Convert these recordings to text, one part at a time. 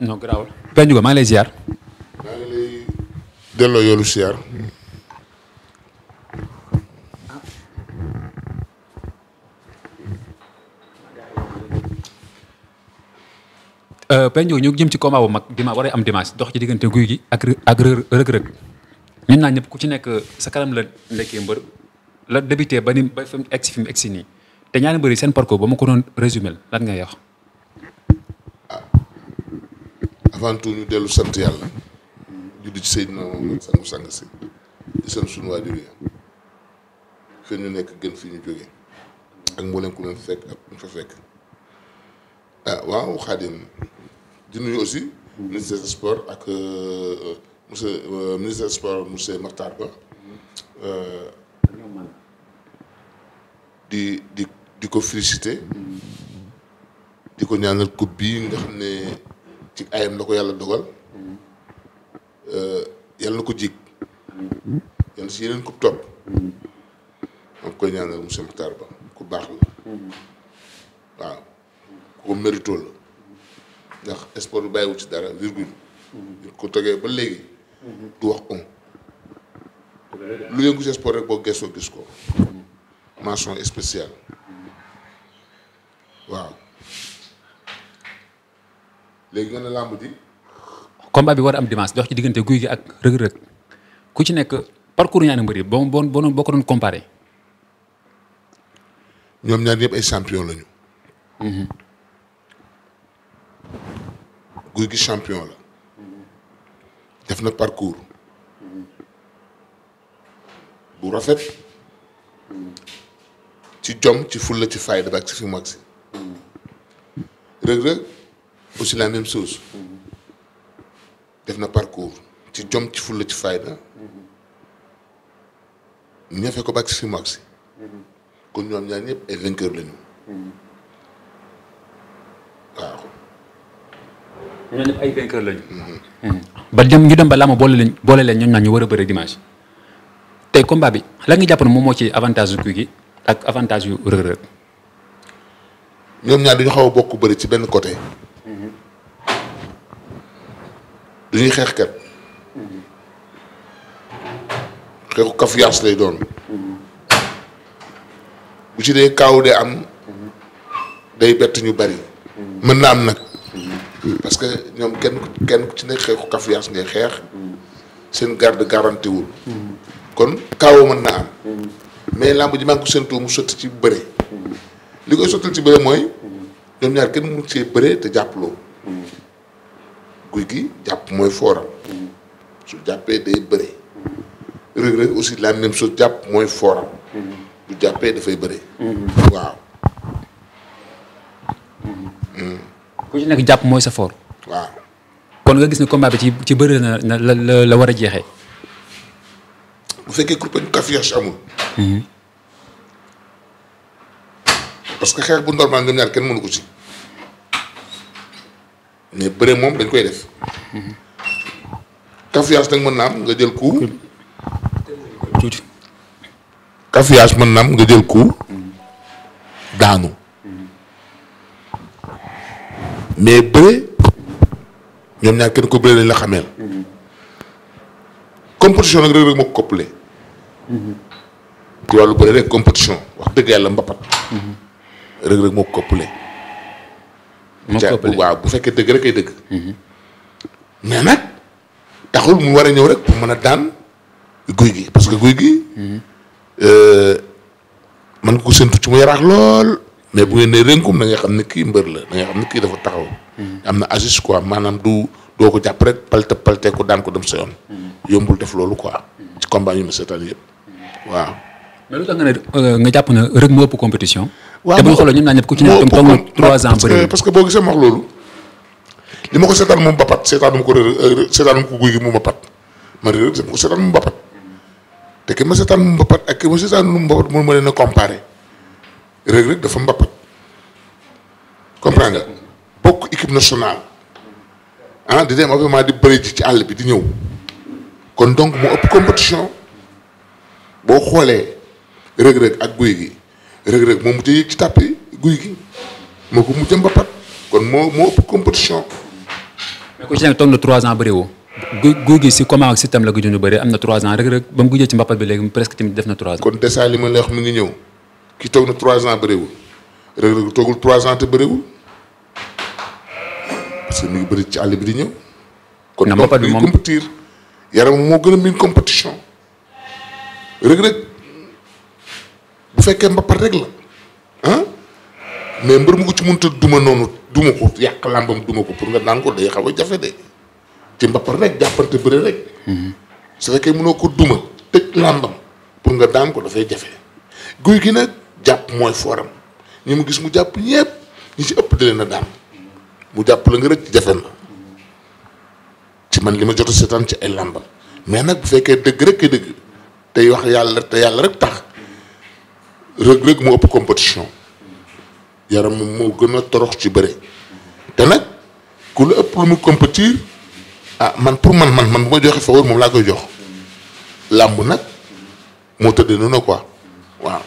non garaawul Père Ndiouga maa ngi lay ziar. Euh, jëm ci combat bu mag dima war am dimanche dox ci diggante guy gi ak ak rëg-rëg ñun naa ñëpp ku ci nekk sa kanam la nekkee mbër la débuté ba ni ba fi mu egsi fi nii te ñaan mbër yi seen parcours ba mu ko doon résumé lan ngay wax. avant tout ñu dellu sant yàlla juddu ci Seydina moom sangu sang si di sant ñu nekk gën fi ñu jóge ak mboolem ku leen fekk ak ñu fa fekk ah waaw Xaadim di nuyu aussi ministre des ak euh, monsieur euh, ministre monsieur Makhtar Ba euh, di di di ko féliciter di ko ñaanal coupe bii nga ne ci ayam la ko yàlla dogal eh, yàlla na ko jig yàlla si yeneen ku topp am koy ñaanal monsieur Makhtar Ba ku baax la waaw ku ko mérito la ndax sport bi bàyyiwul ci dara virgule ko toggee ba léegi du wax on lu yëngu ci sport rek boo gëstoo gis ko mention spéciale waaw léegi nga ne làmb ji. combat bi war am dimanche jox ci diggante guy gi ak rëg-rëg ku ci nekk parcours ñaari mbër boo boo boo ko doon ñoom ñaar ñëpp ay champion lañu. Mhm. guy gi champion la. def na parcours. bu rafet. ci jom ci fulla ci fayda ak ci fi mu agsi. Mhm. rëg-rëg. aussi la même chose def na parcours ci jom ci fulla ci fayda ñafe ci fi mu agsi kon ñoom ñaar ñëpp ay waaw ñoo ñëpp ay vainqueur dem ñu dem ba làmb boole leen boole leen ñoom ñaar ñu war a bëre dimanche tey combat bi lan nga jàpp na moom moo ci avantage yu Gouye Gui ak avantage yu Reug Reug ñoom ñaar dañu xaw a bokk bëri ci benn côté duñuy xeexkat xeexu kafuyaas lay doon bu ci dee kaaw de am day bett ñu bari mën na am nag parce que ñoom kenn kenn ku ci ne xeexu kafuyaas ngay xeex seen garde garanti wul kon kaaw mën na am mais làmb ji maa ngi ko séntu mu sotti ci bëre li koy sottal ci bëre mooy ñoom ñaar kenn mu see bëre te jàppaloo guy gi jàpp mooy fooram su jàppee day bëre Reug aussi la même jàpp mooy fooram bu jàppee dafay bëre waaw ku ci nekk jàpp mooy sa foor waaw kon nga gis ne combat bi ci ci bëre na la la la war a jeexee bu fekkee kurpañ cafouillage amul mhm. parce que xeex bu normal ñoom ñaar kenn mënu ko ci mais bëre moom dañ koy def. cafouillage nag mën naa am nga jël coup. tuuti. mën naa am nga jël coup. daanu. mais bëre ñoom ñaar kenn ko bëre lañ la xameel. compétition nag Reug moo ko koppale. ci wàllu bëre rek compétition wax dëgg yàlla mbapat. Reug Reug moo ko waaw bu fekkee dëgg rek ay dëgg. mais nag taxul mu war a ñëw rek pour mën a daan guy gi parce que guy gi. Euh, man ko séntu ci mu yaraax lool. mais bu ngeen ne rënkum da nga xam ne kii mbër la da xam ne kii dafa taxaw. am na agis quoi maanaam du doo ko jàpp rek palte palte ko daan ko dem sa yoon. yombul def loolu quoi. ci combat yu ma seetaan yëpp waaw. Euh, nga jàpp na rek moo ëpp compétition. waaw te bu ñu xoolee ñun naa ñëpp ku ci nekk toog na trois ans parce que boo gisee wax loolu li ma ko seetaan moom bapat seetaan mu ko rër seetaan mu ko te ki ma seetaan mu bapat ak ki ma seetaan mu bapat mun ma leen a comparé Reug Reug dafa mbapat comprendre nga bokk équipe nationale ah di dem avènement di bëri ji ci àll bi di ñëw kon donc mu ëpp compétition boo xoolee Reug Reug ak Gouye gi rëg rek moom mu ci yëg ci guy gi moo ko mu jëm ba kon moo moo ëpp compétition. mais ku ci nekk toog na 3 ans bëri woo. guy gi si comment ak système la ko jënd bëri am na 3 ans rëg-rëg ba mu gujjee ci mbapat bi léegi presque tamit def na 3 ans. kon dèjà li ma lay mi ngi ans te bëriwul parce que mi ngi bëri ci àll bi di ñëw. kon mbapat bi moom kon compétir yaram moo gën a miin compétition bu fekkee mbappat rek la ah mais mbër mu ko ci mënta duma noonu duma ko yàq làmbam duma ko pour nga daan ko day xaw a jafe de ci mbappat rek jàppante bëre rek. Mhm. su fekkee mënoo ko duma tëj làmbam pour nga daan ko dafay jafe guy gi nag jàpp mooy fooram ñi mu gis mu jàpp ñépp ñi ci ëpp dalee na daan mu jàpp la nga rëcc jafe na ci man li ma jot a seetaan ci ay làmbam mais nag bu fekkee dëgg rek dëgg tey wax yàlla te yàlla rek tax. Reug Reug moo ëpp compétition yaram moo gën a torox ci bëre te nag ku lu ëpp lu mu compétir ah man pour man man man bu ma joxe faveur moom laa koy jox làmb nag moo tëddee noonu quoi waaw.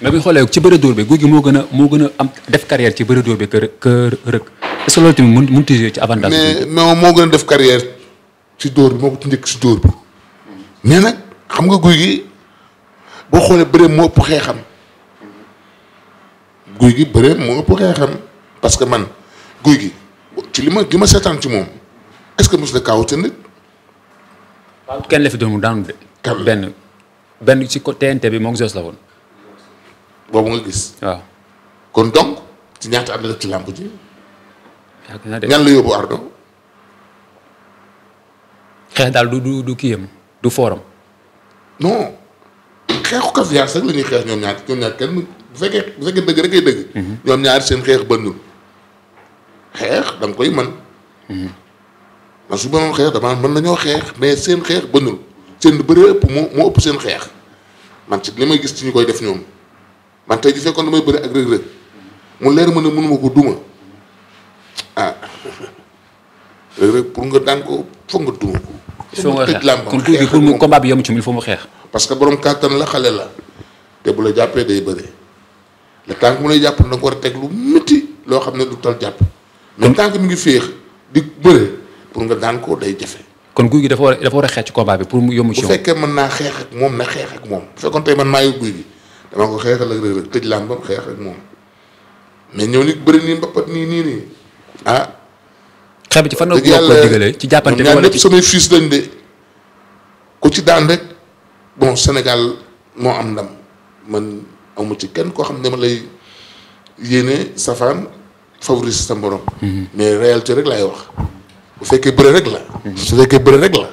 mais bi xoolee ci bëre dóor bi Gouye Gui moo gën a moo gën a am def carrière ci bëre dóor bi kër que Reug est ce que mun mun tuddee ci avantage. mais non moo gën a def carrière ci dóor bi moo ko ci njëkk ci dóor bi mais nag xam nga guy Gui boo xoolee bëre moo ëpp xeexam. guy gi bëreem moo ëpp xeexam parce que man guy gi ci li ma gi ma seetaan ci moom est-ce que mos na kaaw ca ci côté TNT bi moom Jos la woon. boobu nga gis. waaw kon donc ci ñaata at la def ci làmb ji. ñan la yóbbu Ardo. xeex daal du du du kiyam du forum. non xeexu Casabian sax la ñuy xeex ñoom ñaar ñoom ñaar kenn. bu fekkee bu fekkee dëgg rek ay dëgg. Mhm. ñoom ñaar seen xeex bëndul xeex da nga koy mën. man mhm. su ma xeex damaa mën nañoo xeex mais seen xeex bëndul seen bëree ëpp moo moo ëpp seen xeex man ci li may gis ci ñu koy def ñoom man tey ji fekkoon damay bëri mu leer ma ne mënuma ko ah. pour nga daan ko foog nga duma ko. foog nga xeex mu combat bi yomb ci mu il mu xeex. parce que borom kàttan la xale la te bu la jàppee day bëri. mais tant que mu lay jàpp da nga war a teg lu métti loo xam ne du tal jàpp. mais tànk mu ngi féex di bëre pour nga daan ko day jafe. kon guy gi dafa war a dafa war a xeex ci combat bi pour mu yomb ci. bu fekkee mën naa xeex ak moom na xeex ak moom bu fekkoon tey man maa ngi guy gi damaa ko xeexal ak rëy rëy tëj làmbam xeex ak moom mais ñëw ni bëri nii mbappat nii nii nii ah. xeex ci fan la ko digalee ci jàppante bi wala ci samay fils lañ de ku ci daan rek bon Sénégal moo am ndam man. amu ci kenn koo xam ne dama lay yéene safaan favoriser sa moro mm-hmm. mais réalité rek laay wax bu fekkee bëre rek la. Mm-hmm. su fekkee bëre rek la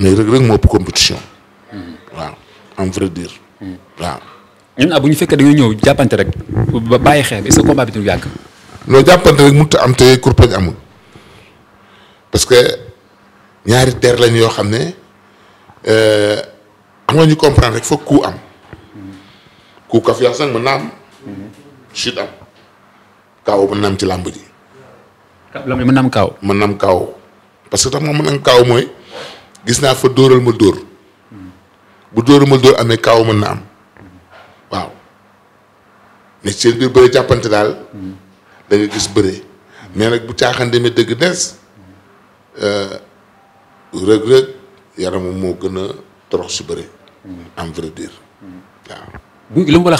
mais rek Reug moo ëpp compétition. Mm-hmm. waaw en vrai dire. waaw. ñun ah bu ñu fekkee dañoo ñëw jàppante rek ba bàyyi xeex bi est-ce bi du yàgg. non jàppante rek mënut am te kurpañ amul parce que ñaari teer lañ yoo xam ne euh, am nga ñu comprendre rek foog ku am. ku kaf yaa sang mën naa am. am kaaw mën na ci làmb ji. làmb am kaaw. mën na am kaaw parce que tax moom mën na am kaaw mooy gis naa fa dóoral ma dóor bu dóoral ma dóor amee kaaw mën na am waaw ne seen biir bëre jàppante daal da gis bëre mais nag bu caaxaan demee dëgg des euh, rëg-rëg yaramam moo gën a torox si bëre mm. en vrai dire waaw. bu lu mu la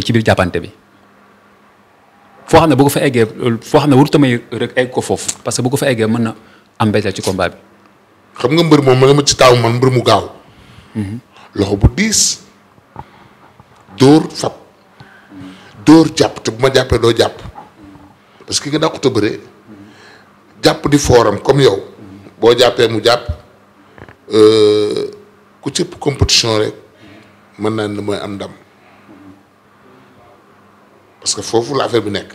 ci biir jàppante bi ne bu ko fa eggee foo ne warut a may rëg egg foofu parce que bu ko fa mën na am mbetteel ci xam nga mbër moom ma ma ci taamu man mu gaaw. Mhm. loxo bu diis dóor fab dóor jàpp te bu ma jàppee doo jàpp parce que ki nga dàqut a jàpp di fooram comme yow boo jàppee mu jàpp euh, ku cëpp compétition rek mën naa ne mooy am ndam. parce que foofu la affaire bi nekk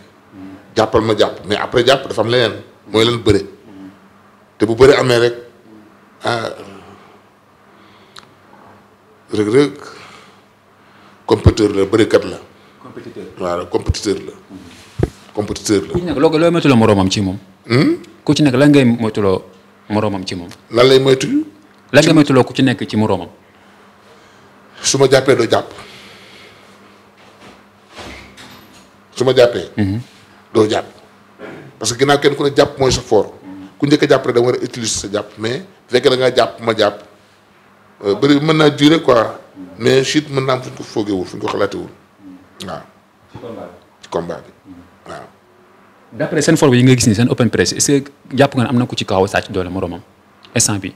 jàppal ma jàpp mais après jàpp dafa am leneen mooy leen bëre te bu bëre amee rek ah rëg-rëg compétiteur la bërekat la. compétiteur waaw compétiteur la. compétiteur la. ku ci nekk loo looy moytuloo moroomam ci moom. Hmm? ku ci nekk lan ngay moytuloo moroomam ci moom. lan lay moytu. lan ngay moytuloo ku ci nekk ci moroomam. su ma jàppee doo jàpp. su ma jàppee. doo jàpp parce que ginnaaw kenn ku ne jàpp mooy sa fort ku njëkk a jàpp rek da nga war a utiliser sa jàpp mais fekk da ngaa jàpp ma jàpp euh, bëri mën naa durer quoi mais chute mën naa am fu ñu ko foogeewul fu ñu seen forme yi nga gis ni seen open press est que jàpp nga ne am na ko ci kaw a sàcc doole moromam instant bi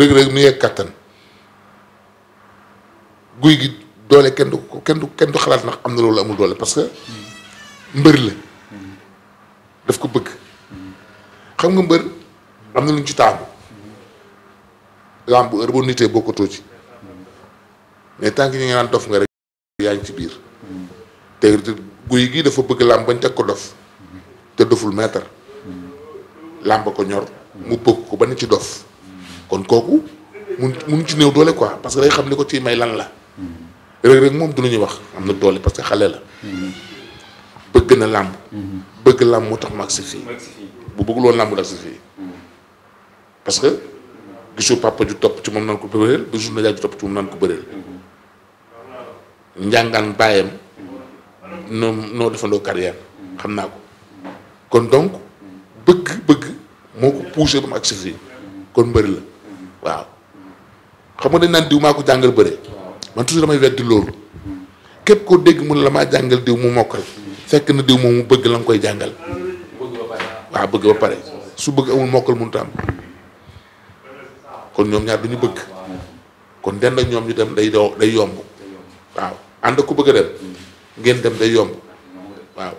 rëg-rëg mi ngi kattan guy gi. doole kenn du kenn du kenn xalaat na am na loolu amul doole parce que mbër la daf ko bëgg xam nga mbër am na lu ñu ci taamu lamb heure boo nitee bokkatoo ci mais tant yi nga ngi naan dof nga rek yaa ngi ci biir te guy gii dafa bëgg làmb bañ teg ko dof te doful maître làmb ko ñor mu bëgg ko ba ne ci dof kon kooku mun mun ci new doole quoi parce que day xam li ko ciy may lan la Reug Reug moom du lu wax am na doole parce que xale la bëgg na làmb bëgg làmb moo tax mu agsi fii bu bëggul woon làmb du agsi fii parce que gisul papa ju topp ci moom naan ko bëreel gisul na yaay ju topp ci moom naan ko bëreel njàngaan bàyyam noo noo defandoo carrière xam naa ko kon donc bëgg bëgg moo ko poussé ba mu agsi fii kon mbëri la waaw xam nga dañ naan diw maa ko jàngal bëre man toujours damay weddi loolu képp koo dégg mu ne la maa jàngal diw mu mokkal fekk na diw moom mu bëgg la koy jàngal waaw bëgg ba pare su bëgg amul mokkal mënut am kon ñoom ñaar du ñu bëgg kon den ak ñoom ñu dem day doo day yomb waaw ànd ku bëgg a dem ngeen dem day yomb waaw.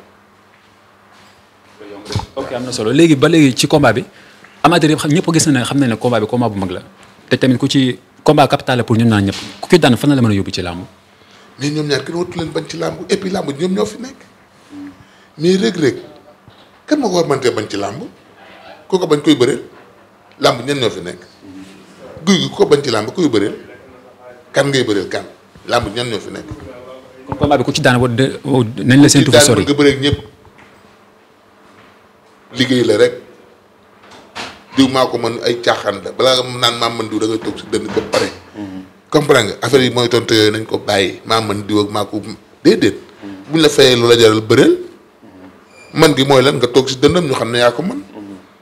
ok am na solo léegi ba léegi ci combat bi amateur yëpp ñëpp gis na ne xam nañ ne combat bi combat bu mag la te tamit ku ci. combat capital la pour ñoom ñaar ñëpp ku ci daan fan la mën a yóbbu ci làmb. mais ñoom ñaar kenn wattu leen bañ ci làmb et puis làmb ñoom ñoo fi nekk mais rëg-rëg ko bañ ci làmb ku bañ koy bëreel làmb ñen ñoo fi nekk guy ko bañ ci làmb koy bëreel kan ngay bëreel kan làmb fi nekk. kon combat bi ku ci daan nañ la seen. tuuti sori ku ci daan liggéey la rek. diw maa ko mën ay caaxaan la balaa nga naan maa mën diw da ngay toog si dënn ba pare. comprendre nga yi mooy tontu yooyu nañ ko bàyyi maa mën diw ak maa ko déedéet. buñ la fayee lu la jaral man gi mooy lan nga toog si dëndam xam ne yaa ko mën.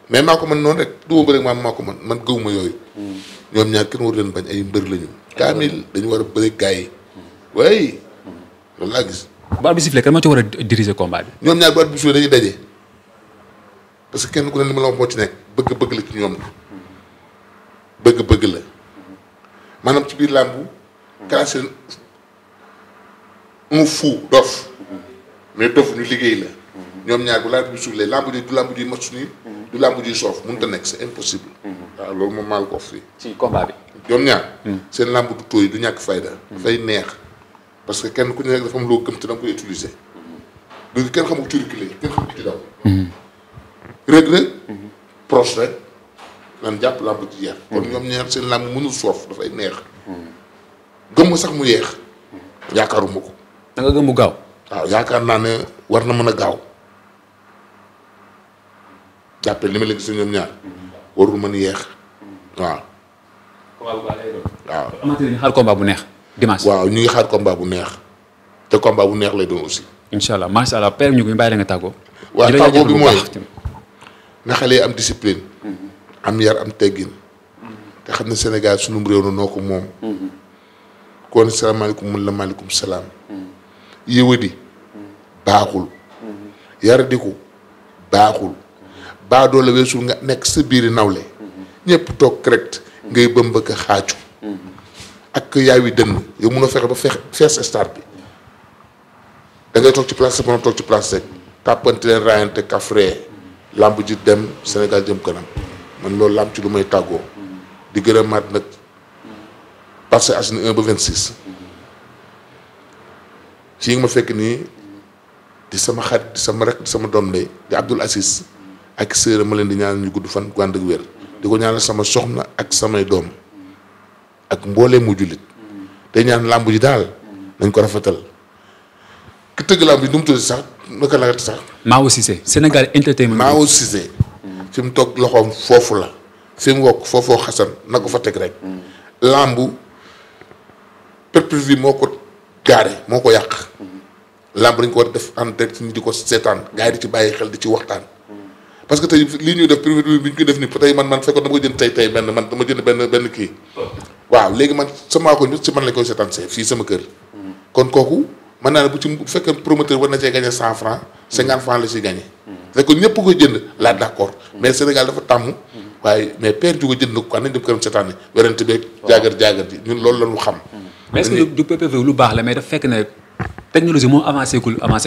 mais maa ko mën noonu rek du ma bëri ko mën man gëwuma yooyu. ñoom ñaar kenn waru bañ ay mbër lañu. kaamil dañu war a bëri gars yi. waaye loolu laa gis. bu arbitre bi kan moo ci war a diriger combat bi. ñoom ñaar bu arbitre bi sifflee dañuy daje. parce que kenn ku ne li ma la moo ci nekk bëgg-bëgg la ci ñoom la bëgg-bëgg la maanaam ci biir làmbu classé un fou dof mais dof ñu liggéey la ñoom ñaar bu laaj bi suuf lay làmb ji du làmb ji match nii du làmb nekk c'est impossible waaw loolu moom ci combat bi ñoom hmm. seen làmb du tooy du ñàkk fayda hmm. dafay neex parce que kenn ku nekk rek dafa am loo gëm te da koy utiliser hmm. donc kenn xamul ci daw rëg-rëg rek nan jàpp laa ji jeex kon ñoom ñaar seen làmb mënul soof dafay neex gëmm sax mu yeex yaakaaruma ko da nga gaaw waaw yaakaar naa ne war na mën a gaaw jàppe li ma la gis ñoom ñaar warul mën yeex waaw waaw amateur ñu xaar combat bu neex dimanche waaw ñu ngi xaar combat bu neex te combat bu neex lay doon aussi incha allah macha allah père ñu ko ñu bàyyi la tàggoo waaw tàggoo bi mooy na xale yi am discipline. am yar am teggin. te xam ne Sénégal sunum réew na noo ko moom. kon salaamaaleykum mun salaam. yéwadi baaxul. yaradiku baaxul. baadoo la weesul nga nekk sa biiri nawle. ñëpp toog correct. ngay bëmb ak xaaju. ak yaay wi dënn yow mun a fexe ba fex fees bi. da toog ci place sa mën toog ci place rek. tàppante leen raayante kafre làmb ji dem Sénégal jëm kanam man loolu làmb ci lu may tàggoo di gërëmaat nag Parcelles Assainies 1 ba 26 ci nga ma fekk nii di sama xat sama rek di sama doom lay di Abdoul Aziz ak sœur ma leen di ñaan ñu gudd fan gu ànd ak wér di ko ñaanal sama soxna ak samay doom ak mboolee mu jullit te ñaan làmb ji daal nañ ko rafetal ki tëgg làmb ji nu mu sax naka la sax. Mao Cissé Sénégal entertainment. Mao Cissé. fi mu toog loxoom foofu la. fi mu wokk foofoo xasan nag ko fa teg rek. lambu perpétuité moo ko gaare moo ko yàq. lamb dañ ko war a def en direct ñu di ko seetaan gars di ci bàyyi xel di ci waxtaan. parce que tey lii ñuy def privé bi ñu koy def nii tey man man fekkoon dama ko jënd tey tey benn man dama jënd benn benn kii. Oh. waaw léegi man sama ko nit si man lañ koy seetaan see fii sama kër. Mm. kon kooku. man naa ne bu ci bu fekkee promoteur war na cee gagné cent franc cinquante franc la ciy gagné. c'est que ñëpp ko jënd laa d'accord. mais Sénégal dafa tàmm. waaye mais père ju ko jënd ko kan nañ dem këram seetaan werante beeg. waaw jaagar jaagar ji ñun loolu la ñu xam. mais est-ce que du PPV lu baax la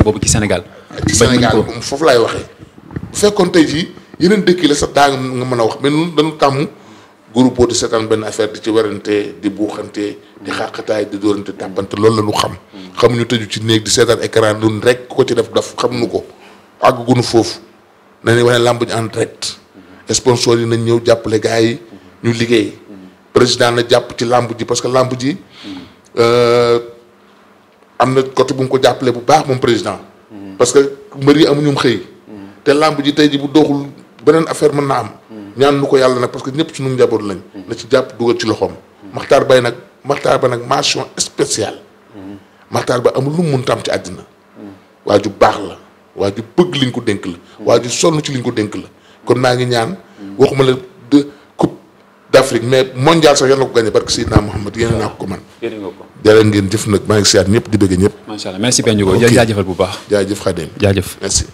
boobu ci Sénégal. ci Sénégal foofu laay waxee. bu fekkoon tey jii yeneen dëkk yi la sax daa nga mën a wax mais ñun tàmm. groupe di seetaan benn affaire di ci werante di buuxante di xàqataay di dóorante tàppante loolu la ñu xam. ñu tëju ci néeg di seetaan écran nun rek ko ci def daf xamuñu ko àgguñu foofu nañu wax ne làmb ñu en direct. sponsor nañ ñëw jàppale gars yi ñu liggéey. président jàpp ci làmb ji parce que làmb ji. Euh, am na côté bu mu ko jàppale bu baax moom président. parce que mbër yi amuñu xëy. te làmb ji tey ji bu doxul beneen affaire mën na am. ñaan lu ko yàlla nag parce que ñëpp suñu njaboot lañ. na ci jàpp dugal ci loxoom. maxtaar bay nag maxtaar ba nag mention spéciale. maxtaar ba amul lu mu mën tam ci àddina. waa ju baax la waa ju bëgg liñ ko dénk la. waa ju sonn ci liñ ko dénk la. kon naa ngi ñaan. waxuma la de coupe d' Afrique mais mondial sax yal na ko gagné barke Seydina Mohamed yéen naa ko ko man yéen ngeen jëf nag maa ngi siyaat ñëpp di bëgg ñëpp. macha allah merci Bendiougo jaajëfal bu baax. jaajëf Khadim jaajëf merci.